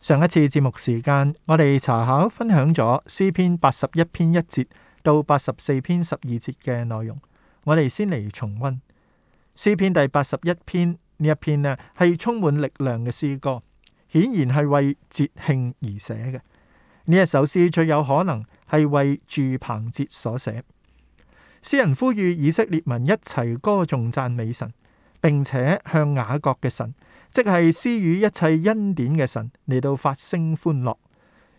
上一次節目時間，我哋查考分享咗詩篇八十一篇一節到八十四篇十二節嘅內容。我哋先嚟重溫詩篇第八十一篇呢一篇啊，係充滿力量嘅詩歌，顯然係為節慶而寫嘅。呢一首詩最有可能係為住棚節所寫。詩人呼籲以色列民一齊歌頌讚美神。並且向雅各嘅神，即係施予一切恩典嘅神嚟到發聲歡樂。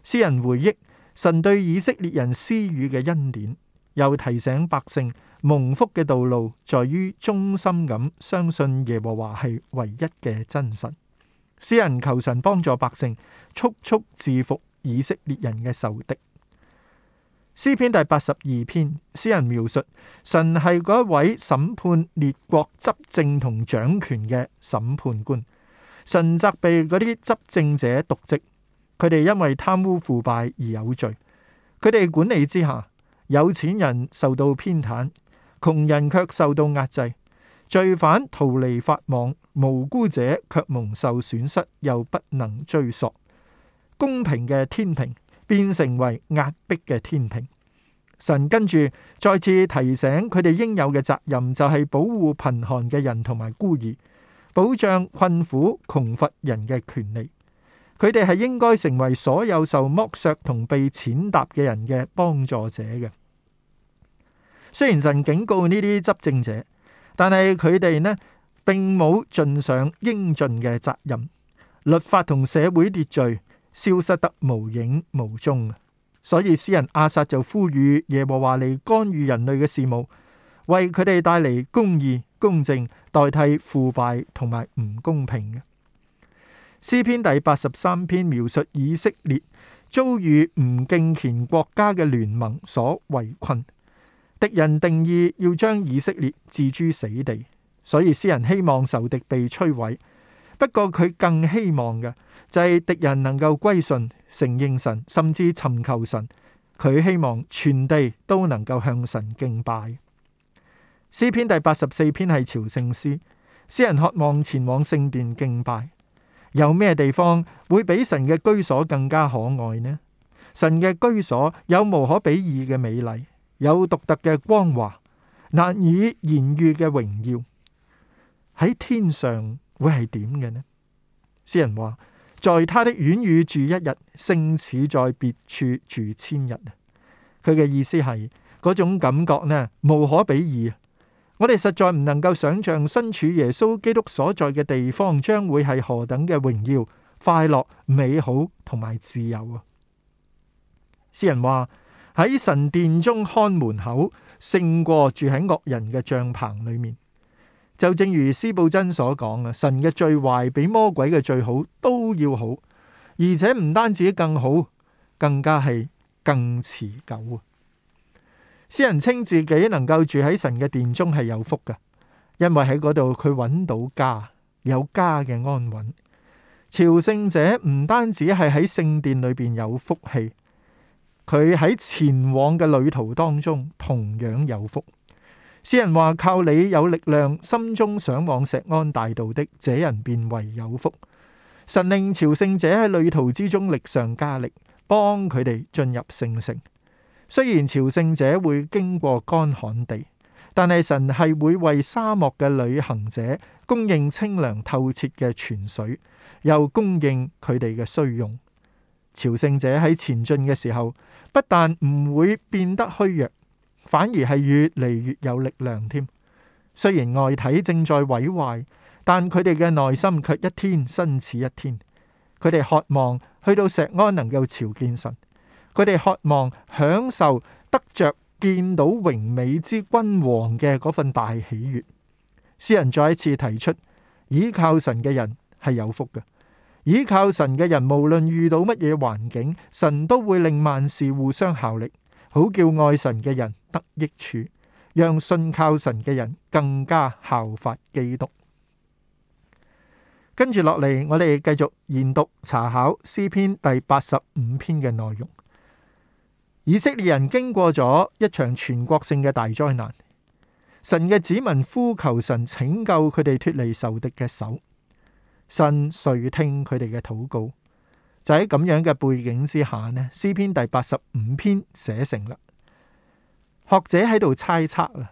詩人回憶神對以色列人施予嘅恩典，又提醒百姓蒙福嘅道路在於衷心咁相信耶和華係唯一嘅真神。詩人求神幫助百姓速速制服以色列人嘅仇敵。詩篇第八十二篇，詩人描述神係嗰一位審判列國執政同掌權嘅審判官，神責備嗰啲執政者瀆職，佢哋因為貪污腐敗而有罪，佢哋管理之下有錢人受到偏袒，窮人卻受到壓制，罪犯逃離法網，無辜者卻蒙受損失又不能追索，公平嘅天平，變成為壓迫嘅天平，神跟住再次提醒佢哋應有嘅責任，就係保護貧寒嘅人同埋孤兒，保障困苦窮乏人嘅權利。佢哋係應該成為所有受剝削同被踐踏嘅人嘅幫助者嘅。雖然神警告呢啲執政者，但係佢哋呢，並冇盡上應盡嘅責任，律法同社會秩序，消失得無影無蹤。所以詩人亞薩就呼籲耶和華嚟干預人類嘅事務，為佢哋帶嚟公義、公正，代替腐敗同埋唔公平嘅。詩篇第八十三篇描述以色列遭遇唔敬虔國家嘅聯盟所圍困，敵人定義要將以色列置諸死地，所以詩人希望仇敵被摧毀。不過佢更希望嘅。就係敵人能夠歸順、承認神，甚至尋求神。佢希望全地都能夠向神敬拜。詩篇第八十四篇係朝聖詩，詩人渴望前往聖殿敬拜。有咩地方會比神嘅居所更加可愛呢？神嘅居所有無可比擬嘅美麗，有獨特嘅光華，難以言喻嘅榮耀。喺天上會係點嘅呢？詩人話。在他的院宇住一日，勝似在別處住千日啊！佢嘅意思係嗰種感覺呢，無可比擬啊！我哋實在唔能夠想象身處耶穌基督所在嘅地方，將會係何等嘅榮耀、快樂、美好同埋自由啊！詩人話，喺神殿中看門口，勝過住喺惡人嘅帳篷裏面。就正如司布真所講啊，神嘅最壞比魔鬼嘅最好都要好，而且唔單止更好，更加係更持久啊！詩人稱自己能夠住喺神嘅殿中係有福嘅，因為喺嗰度佢搵到家，有家嘅安穩。朝聖者唔單止係喺聖殿裏邊有福氣，佢喺前往嘅旅途當中同樣有福。詩人話：靠你有力量，心中想往錫安大道的這人便為有福。神令朝聖者喺旅途之中力上加力，幫佢哋進入聖城。雖然朝聖者會經過乾旱地，但係神係會為沙漠嘅旅行者供應清涼透徹嘅泉水，又供應佢哋嘅需用。朝聖者喺前進嘅時候，不但唔會變得虛弱。反而係越嚟越有力量添。雖然外體正在毀壞，但佢哋嘅內心卻一天新似一天。佢哋渴望去到錫安能夠朝見神，佢哋渴望享受得着見到榮美之君王嘅嗰份大喜悅。詩人再一次提出，倚靠神嘅人係有福嘅。倚靠神嘅人，無論遇到乜嘢環境，神都會令萬事互相效力。好叫愛神嘅人得益處，讓信靠神嘅人更加效法基督。跟住落嚟，我哋繼續研讀查考詩篇第八十五篇嘅內容。以色列人經過咗一場全國性嘅大災難，神嘅子民呼求神拯救佢哋脱離仇敵嘅手，神垂聽佢哋嘅禱告。就喺咁樣嘅背景之下呢，詩篇第八十五篇寫成啦。學者喺度猜測啊，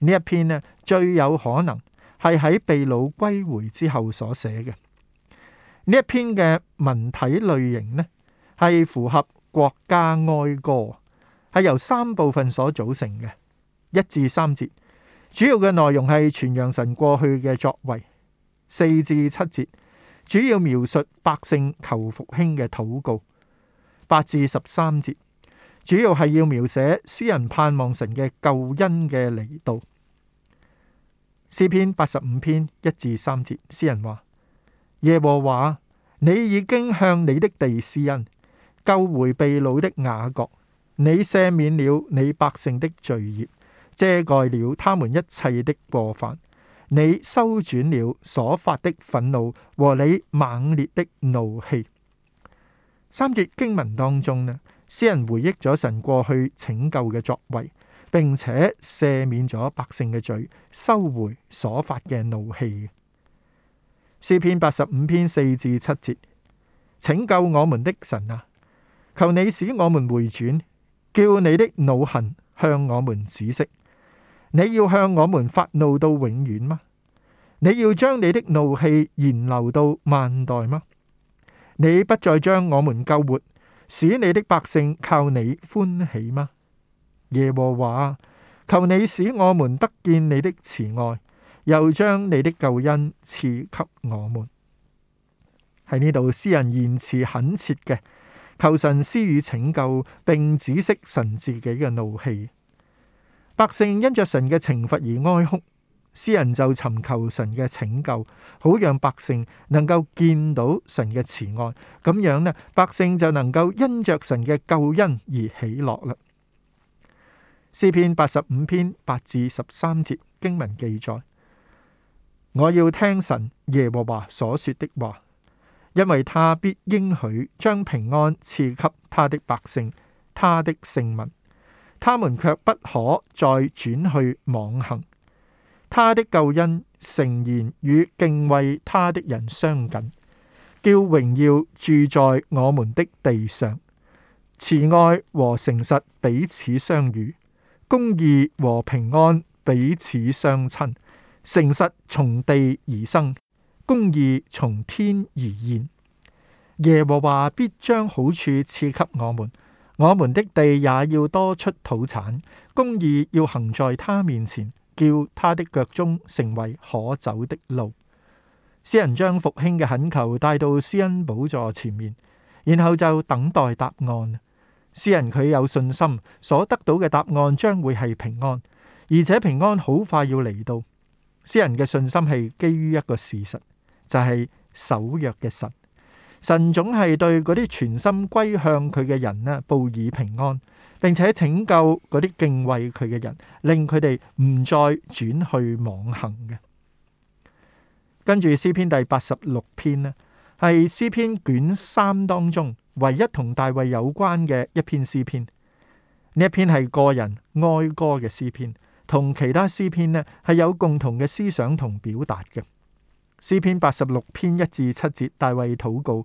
呢一篇呢最有可能係喺被擄歸回之後所寫嘅。呢一篇嘅文體類型呢係符合國家哀歌，係由三部分所組成嘅，一至三節，主要嘅內容係傳揚神過去嘅作為，四至七節。主要描述百姓求復興嘅禱告，八至十三節，主要係要描寫詩人盼望神嘅救恩嘅嚟到。詩篇八十五篇一至三節，詩人話：耶和華，你已經向你的地施恩，救回被擄的雅各，你赦免了你百姓的罪孽，遮蓋了他們一切的過犯。你收轉了所發的憤怒和你猛烈的怒氣。三節經文當中呢，詩人回憶咗神過去拯救嘅作為，並且赦免咗百姓嘅罪，收回所發嘅怒氣。詩篇八十五篇四至七節，拯救我們的神啊！求你使我們回轉，叫你的惱恨向我們止息。你要向我們發怒到永遠嗎？你要將你的怒氣延留到萬代嗎？你不再將我們救活，使你的百姓靠你歡喜嗎？耶和華，求你使我們得見你的慈愛，又將你的救恩賜給我們。喺呢度，詩人言辭懇切嘅，求神施予拯救，並止息神自己嘅怒氣。百姓因着神嘅懲罰而哀哭，詩人就尋求神嘅拯救，好讓百姓能夠見到神嘅慈愛。咁樣呢，百姓就能夠因着神嘅救恩而喜樂啦。詩篇八十五篇八至十三節經文記載：我要聽神耶和華所說的話，因為他必應許將平安賜給他的百姓，他的聖民。」他們卻不可再轉去妄行。他的救恩誠然與敬畏他的人相近，叫榮耀住在我們的地上。慈愛和誠實彼此相遇，公義和平安彼此相親。誠實從地而生，公義從天而現。耶和華必將好處賜給我們。我們的地也要多出土產，公義要行在他面前，叫他的腳蹤成為可走的路。詩人將復興嘅懇求帶到施恩寶座前面，然後就等待答案。詩人佢有信心，所得到嘅答案將會係平安，而且平安好快要嚟到。詩人嘅信心係基於一個事實，就係、是、守約嘅神。神總係對嗰啲全心歸向佢嘅人呢，報以平安，並且拯救嗰啲敬畏佢嘅人，令佢哋唔再轉去妄行嘅。跟住詩篇第八十六篇呢，係詩篇卷三當中唯一同大衛有關嘅一篇詩篇。呢一篇係個人哀歌嘅詩篇，同其他詩篇呢係有共同嘅思想同表達嘅。詩篇八十六篇一至七節，大衛禱告。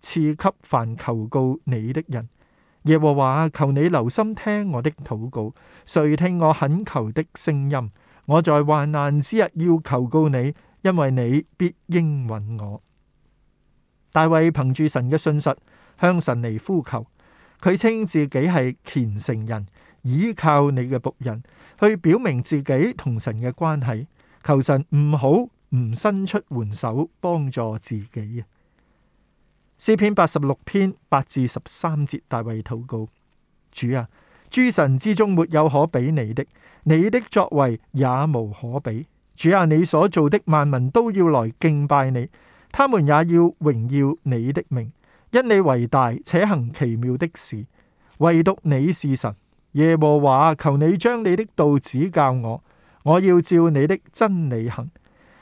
賜給凡求告你的人。耶和華，求你留心聽我的禱告，誰聽我懇求的聲音？我在患難之日要求告你，因為你必應允我。大衛憑住神嘅信實向神嚟呼求，佢稱自己係虔誠人，倚靠你嘅僕人，去表明自己同神嘅關係，求神唔好唔伸出援手幫助自己。詩篇八十六篇八至十三節，大衛禱告：主啊，諸神之中沒有可比你的，你的作為也無可比。主啊，你所做的萬民都要來敬拜你，他們也要榮耀你的名，因你為大，且行奇妙的事。唯獨你是神。耶和華，求你將你的道指教我，我要照你的真理行。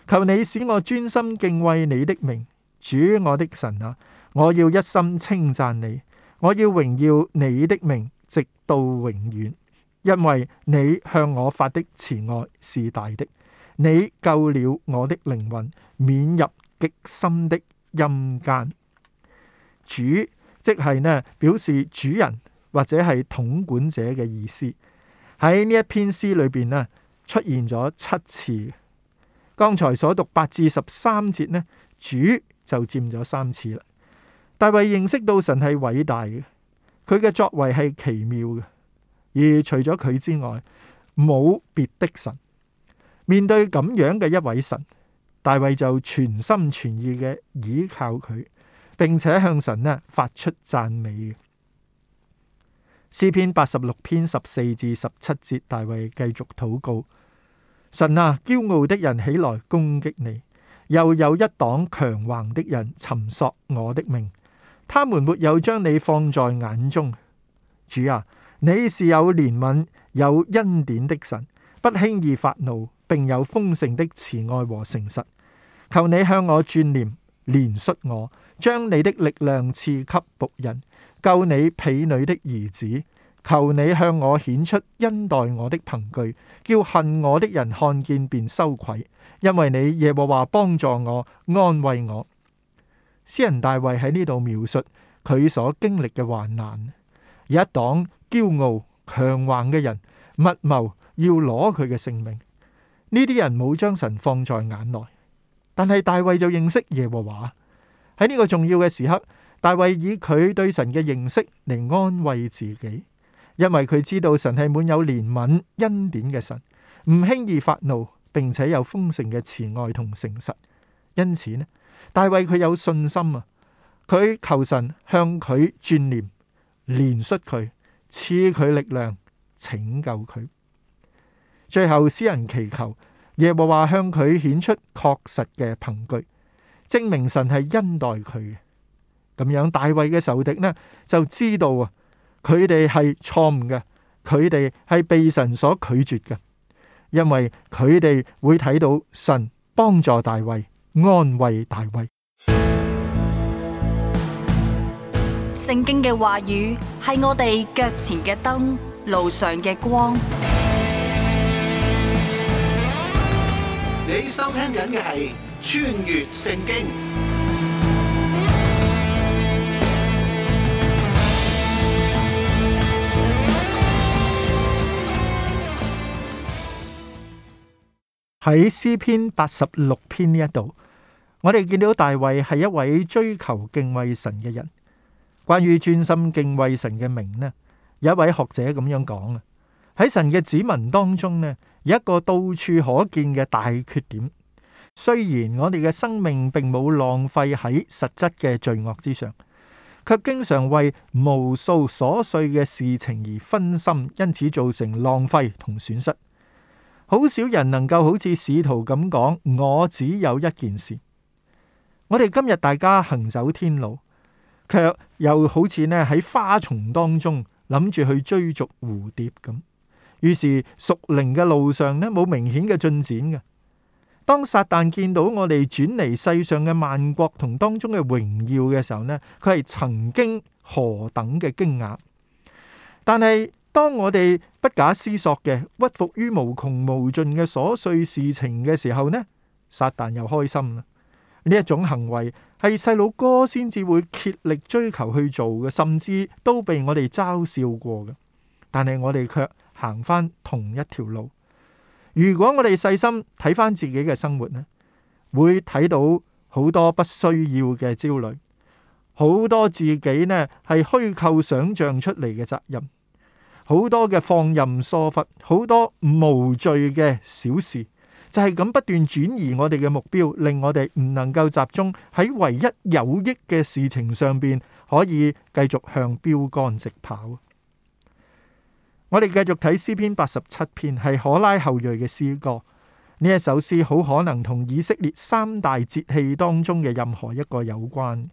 求你使我專心敬畏你的名，主我的神啊。我要一心稱讚你，我要榮耀你的名，直到永遠，因為你向我發的慈愛是大的，你救了我的靈魂，免入極深的陰間。主即係呢，表示主人或者係統管者嘅意思。喺呢一篇詩裏邊呢，出現咗七次。剛才所讀八至十三節呢，主就佔咗三次啦。大衛認識到神係偉大嘅，佢嘅作為係奇妙嘅，而除咗佢之外冇別的神。面對咁樣嘅一位神，大衛就全心全意嘅倚靠佢，並且向神呢發出讚美嘅。詩篇八十六篇十四至十七節。大衛繼續禱告：神啊，驕傲的人起來攻擊你，又有一黨強橫的人尋索我的命。他們沒有將你放在眼中，主啊，你是有憐憫、有恩典的神，不輕易發怒，並有豐盛的慈愛和誠實。求你向我轉念，憐恤我，將你的力量賜給僕人，救你婢女的兒子。求你向我顯出恩待我的憑據，叫恨我的人看見便羞愧，因為你耶和華幫助我，安慰我。詩人大衛喺呢度描述佢所經歷嘅患難，有一黨驕傲強橫嘅人密謀要攞佢嘅性命。呢啲人冇將神放在眼內，但係大衛就認識耶和華。喺呢個重要嘅時刻，大衛以佢對神嘅認識嚟安慰自己，因為佢知道神係滿有憐憫恩典嘅神，唔輕易發怒，並且有豐盛嘅慈愛同誠實。因此呢？大衛佢有信心啊，佢求神向佢轉念，憐恤佢，賜佢力量，拯救佢。最後詩人祈求耶和華向佢顯出確實嘅憑據，證明神係恩待佢嘅。咁樣大衛嘅仇敵呢，就知道啊，佢哋係錯誤嘅，佢哋係被神所拒絕嘅，因為佢哋會睇到神幫助大衛。安慰大衛。聖經嘅話語係我哋腳前嘅燈，路上嘅光。你收聽緊嘅係穿越聖經。喺詩篇八十六篇呢一度。我哋見到大衛係一位追求敬畏神嘅人。關於專心敬畏神嘅名呢，有一位學者咁樣講啊。喺神嘅指紋當中呢，有一個到處可見嘅大缺點。雖然我哋嘅生命並冇浪費喺實質嘅罪惡之上，卻經常為無數瑣碎嘅事情而分心，因此造成浪費同損失。好少人能夠好似使徒咁講，我只有一件事。我哋今日大家行走天路，卻又好似咧喺花叢當中諗住去追逐蝴蝶咁。於是屬靈嘅路上咧，冇明顯嘅進展嘅。當撒旦見到我哋轉嚟世上嘅萬國同當中嘅榮耀嘅時候呢，佢係曾經何等嘅驚訝。但係當我哋不假思索嘅屈服於無窮無盡嘅瑣碎事情嘅時候呢，撒旦又開心啦。呢一種行為係細佬哥先至會竭力追求去做嘅，甚至都被我哋嘲笑過嘅。但係我哋卻行返同一條路。如果我哋細心睇返自己嘅生活咧，會睇到好多不需要嘅焦慮，好多自己咧係虛構想像出嚟嘅責任，好多嘅放任疏忽，好多無罪嘅小事。就係咁不斷轉移我哋嘅目標，令我哋唔能夠集中喺唯一有益嘅事情上邊，可以繼續向標杆直跑。我哋繼續睇詩篇八十七篇，係可拉後裔嘅詩歌。呢一首詩好可能同以色列三大節期當中嘅任何一個有關。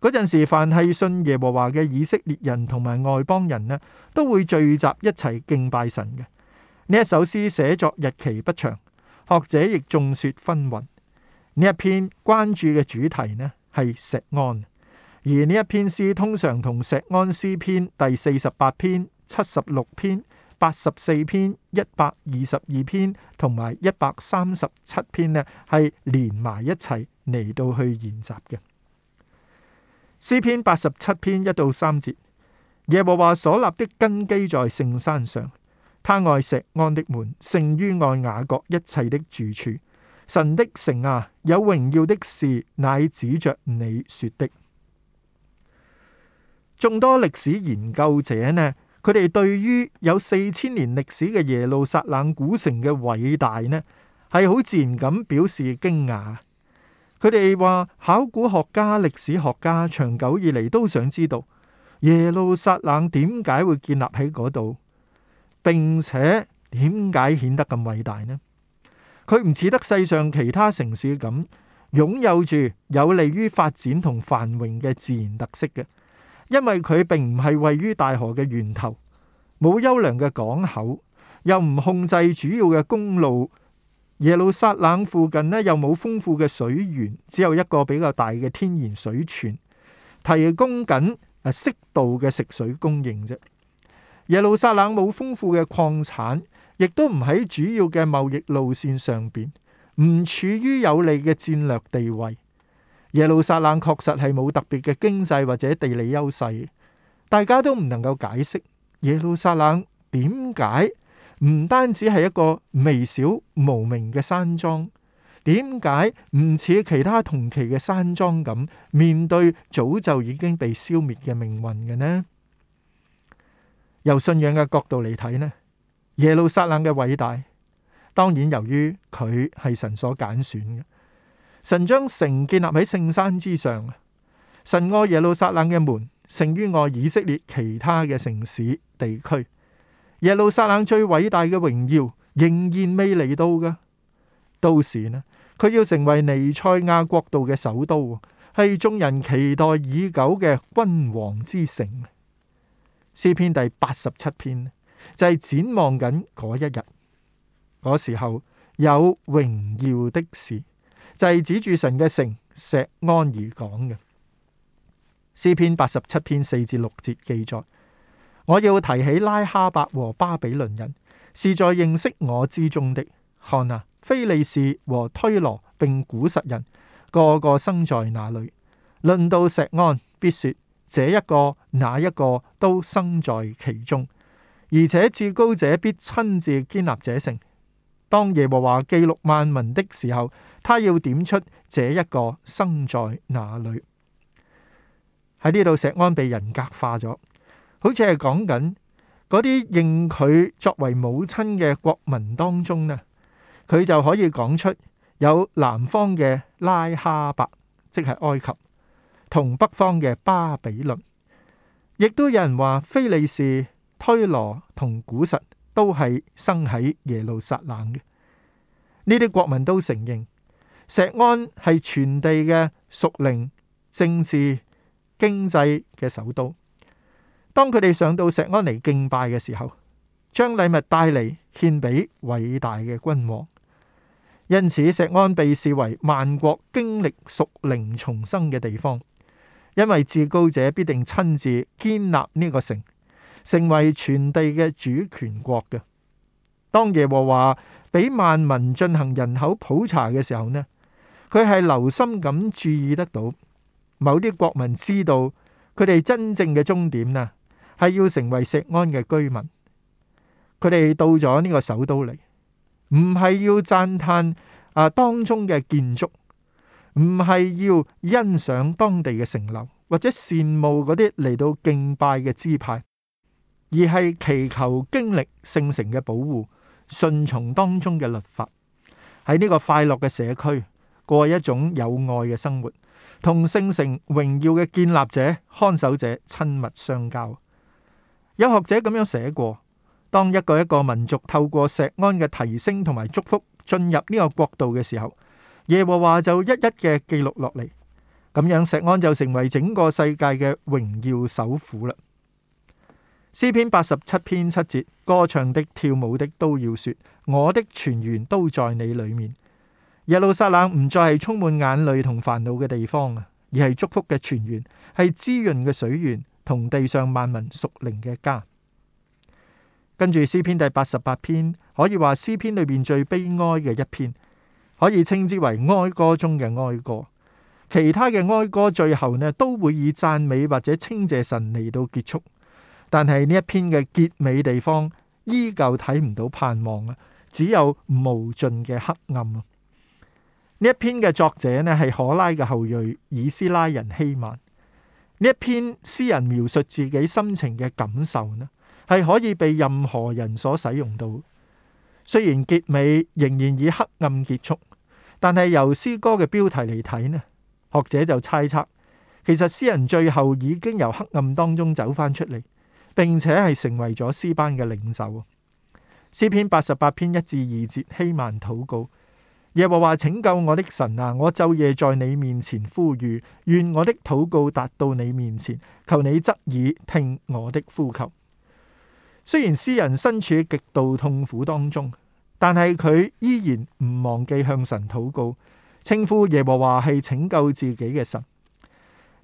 嗰陣時，凡係信耶和華嘅以色列人同埋外邦人呢，都會聚集一齊敬拜神嘅。呢一首詩寫作日期不詳。學者亦眾說紛紜。呢一篇關注嘅主題呢係錫安，而呢一篇詩通常同《錫安詩篇》第四十八篇、七十六篇、八十四篇、一百二十二篇同埋一百三十七篇呢係連埋一齊嚟到去研習嘅。詩篇八十七篇一到三節，耶和華所立的根基在聖山上。他愛錫安的門勝於愛雅各一切的住處。神的城啊，有榮耀的事乃指着你說的。眾多歷史研究者呢，佢哋對於有四千年歷史嘅耶路撒冷古城嘅偉大呢，係好自然咁表示驚訝。佢哋話考古學家、歷史學家長久以嚟都想知道耶路撒冷點解會建立喺嗰度。並且點解顯得咁偉大呢？佢唔似得世上其他城市咁擁有住有利於發展同繁榮嘅自然特色嘅，因為佢並唔係位於大河嘅源頭，冇優良嘅港口，又唔控制主要嘅公路。耶路撒冷附近呢，又冇豐富嘅水源，只有一個比較大嘅天然水泉，提供緊誒適度嘅食水供應啫。耶路撒冷冇豐富嘅礦產，亦都唔喺主要嘅貿易路綫上邊，唔處於有利嘅戰略地位。耶路撒冷確實係冇特別嘅經濟或者地理優勢，大家都唔能夠解釋耶路撒冷點解唔單止係一個微小無名嘅山莊，點解唔似其他同期嘅山莊咁面對早就已經被消滅嘅命運嘅呢？由信仰嘅角度嚟睇呢，耶路撒冷嘅偉大，當然由於佢係神所揀選嘅。神將城建立喺聖山之上，神愛耶路撒冷嘅門，勝於愛以色列其他嘅城市地區。耶路撒冷最偉大嘅榮耀仍然未嚟到噶，到時呢，佢要成為彌賽亞國度嘅首都，係眾人期待已久嘅君王之城。詩篇第八十七篇就係展望緊嗰一日，嗰時候有榮耀的事，就係指住神嘅城錫安而講嘅。詩篇八十七篇四至六節記載：我要提起拉哈伯和巴比倫人，是在認識我之中的。看啊，非利士和推羅並古實人，個個生在那裡。論到錫安，必說。這一個那一個都生在其中，而且至高者必親自建立這城。當耶和華記錄萬民的時候，他要點出這一個生在哪裏？喺呢度，錫安被人格化咗，好似係講緊嗰啲認佢作為母親嘅國民當中呢，佢就可以講出有南方嘅拉哈伯，即係埃及。同北方嘅巴比倫，亦都有人話，非利士、推羅同古實都係生喺耶路撒冷嘅。呢啲國民都承認，錫安係全地嘅屬靈、政治、經濟嘅首都。當佢哋上到錫安嚟敬拜嘅時候，將禮物帶嚟獻俾偉大嘅君王。因此，錫安被視為萬國經歷屬靈重生嘅地方。因為至高者必定親自建立呢個城，成為全地嘅主權國嘅。當耶和華俾萬民進行人口普查嘅時候呢，佢係留心咁注意得到，某啲國民知道佢哋真正嘅終點啊，係要成為錫安嘅居民。佢哋到咗呢個首都嚟，唔係要讚嘆啊當中嘅建築。唔係要欣賞當地嘅城樓，或者羨慕嗰啲嚟到敬拜嘅支派，而係祈求經歷聖城嘅保護，順從當中嘅律法，喺呢個快樂嘅社區過一種有愛嘅生活，同聖城榮耀嘅建立者、看守者親密相交。有學者咁樣寫過：當一個一個民族透過錫安嘅提升同埋祝福進入呢個國度嘅時候。耶和華就一一嘅記錄落嚟，咁樣錫安就成為整個世界嘅榮耀首府啦。詩篇八十七篇七節，歌唱的、跳舞的都要說：我的泉源都在你裏面。耶路撒冷唔再係充滿眼淚同煩惱嘅地方啊，而係祝福嘅泉源，係滋潤嘅水源同地上萬民屬靈嘅家。跟住詩篇第八十八篇，可以話詩篇裏面最悲哀嘅一篇。可以稱之為哀歌中嘅哀歌，其他嘅哀歌最後呢都會以讚美或者稱謝神嚟到結束，但係呢一篇嘅結尾地方依舊睇唔到盼望啊，只有無盡嘅黑暗啊！呢一篇嘅作者呢係可拉嘅後裔以斯拉人希曼，呢一篇詩人描述自己心情嘅感受呢係可以被任何人所使用到。雖然結尾仍然以黑暗結束，但係由詩歌嘅標題嚟睇呢，學者就猜測，其實詩人最後已經由黑暗當中走返出嚟，並且係成為咗詩班嘅領袖。詩篇八十八篇一至二節，希曼禱告：耶和華拯救我的神啊，我晝夜在你面前呼籲，願我的禱告達到你面前，求你側耳聽我的呼求。雖然詩人身處極度痛苦當中，但係佢依然唔忘記向神禱告，稱呼耶和華係拯救自己嘅神。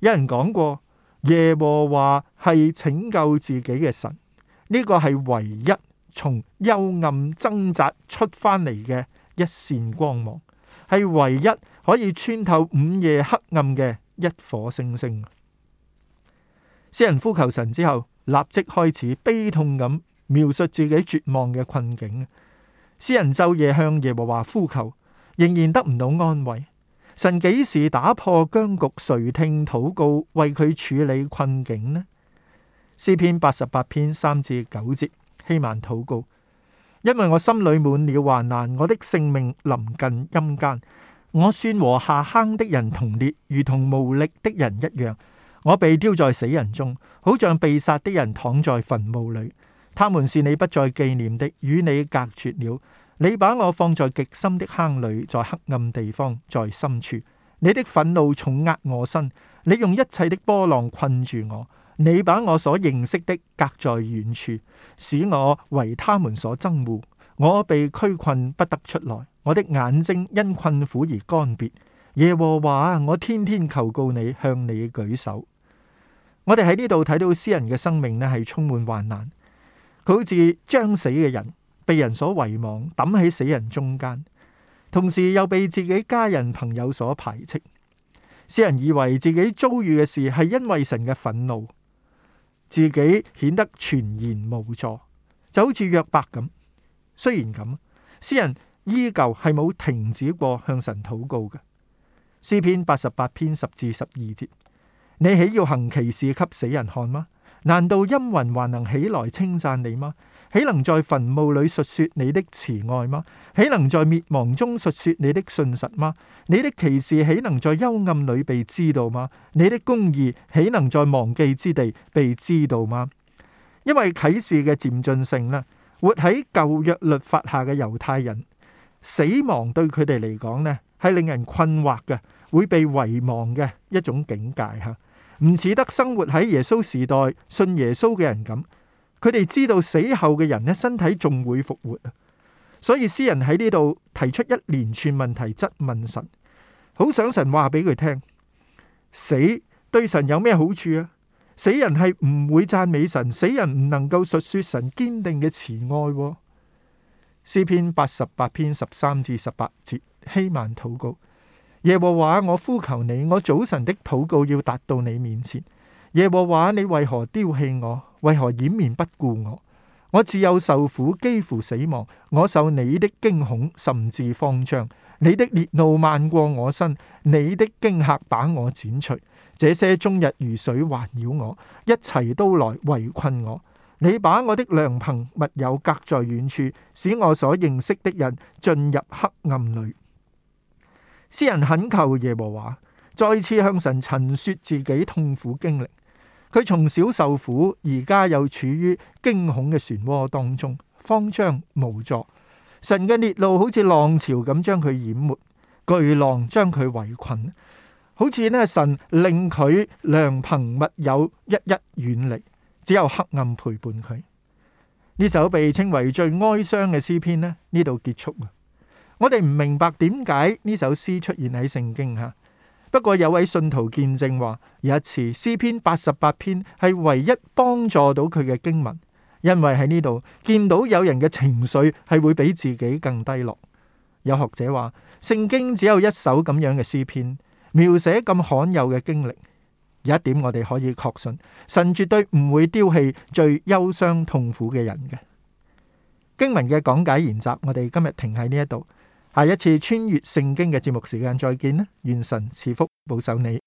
有人講過，耶和華係拯救自己嘅神，呢個係唯一從幽暗掙扎出返嚟嘅一線光芒，係唯一可以穿透午夜黑暗嘅一顆星星。詩人呼求神之後，立即開始悲痛咁描述自己絕望嘅困境。詩人晝夜向耶和華呼求，仍然得唔到安慰。神幾時打破僵局，垂聽禱告，爲佢處理困境呢？詩篇八十八篇三至九節，希曼禱告：因爲我心裏滿了患難，我的性命臨近陰間，我算和下坑的人同列，如同無力的人一樣。我被丟在死人中，好像被殺的人躺在墳墓裏。他們是你不再紀念的，與你隔絕了。你把我放在極深的坑裏，在黑暗地方，在深處。你的憤怒重壓我身，你用一切的波浪困住我。你把我所認識的隔在遠處，使我為他們所憎惡。我被拘困不得出來，我的眼睛因困苦而乾癟。耶和華，我天天求告你，向你舉手。我哋喺呢度睇到詩人嘅生命呢係充滿患難。佢好似將死嘅人，被人所遺忘，抌喺死人中間，同時又被自己家人朋友所排斥。詩人以為自己遭遇嘅事係因為神嘅憤怒，自己顯得全然無助，就好似約伯咁。雖然咁，詩人依舊係冇停止過向神禱告嘅。詩篇八十八篇十至十二節。你豈要行奇事給死人看嗎？難道陰魂還能起來稱讚你嗎？豈能在墳墓裏述說你的慈愛嗎？豈能在滅亡中述說你的信實嗎？你的奇事豈能在幽暗裏被知道嗎？你的公義豈能在忘記之地被知道嗎？因為啟示嘅漸進性咧，活喺舊約律法下嘅猶太人，死亡對佢哋嚟講咧係令人困惑嘅，會被遺忘嘅一種境界吓。唔似得生活喺耶穌時代信耶穌嘅人咁，佢哋知道死後嘅人呢，身體仲會復活。所以詩人喺呢度提出一連串問題質問神，好想神話俾佢聽，死對神有咩好處啊？死人係唔會讚美神，死人唔能夠述說神堅定嘅慈愛。詩篇八十八篇十三至十八節，希曼禱告。耶和華，我呼求你，我早晨的禱告要達到你面前。耶和華，你為何丟棄我？為何掩面不顧我？我只有受苦，幾乎死亡。我受你的驚恐，甚至慌張。你的烈怒漫過我身，你的驚嚇把我剪除。這些終日如水環繞我，一齊都來圍困我。你把我的良朋密友隔在遠處，使我所認識的人進入黑暗裏。詩人懇求耶和華，再次向神陳說自己痛苦經歷。佢從小受苦，而家又處於驚恐嘅漩渦當中，慌張無助。神嘅烈怒好似浪潮咁將佢淹沒，巨浪將佢圍困，好似呢神令佢良朋密友一一遠離，只有黑暗陪伴佢。呢首被稱為最哀傷嘅詩篇呢，呢度結束。我哋唔明白點解呢首詩出現喺聖經吓，不過有位信徒見證話，有一次詩篇八十八篇係唯一幫助到佢嘅經文，因為喺呢度見到有人嘅情緒係會比自己更低落。有學者話，聖經只有一首咁樣嘅詩篇描寫咁罕有嘅經歷。有一點我哋可以確信，神絕對唔會丟棄最憂傷痛苦嘅人嘅。經文嘅講解研習，我哋今日停喺呢一度。下一次穿越聖經嘅節目時間再見啦！願神賜福保守你。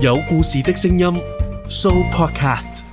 有故事的聲音，Sooopodcast。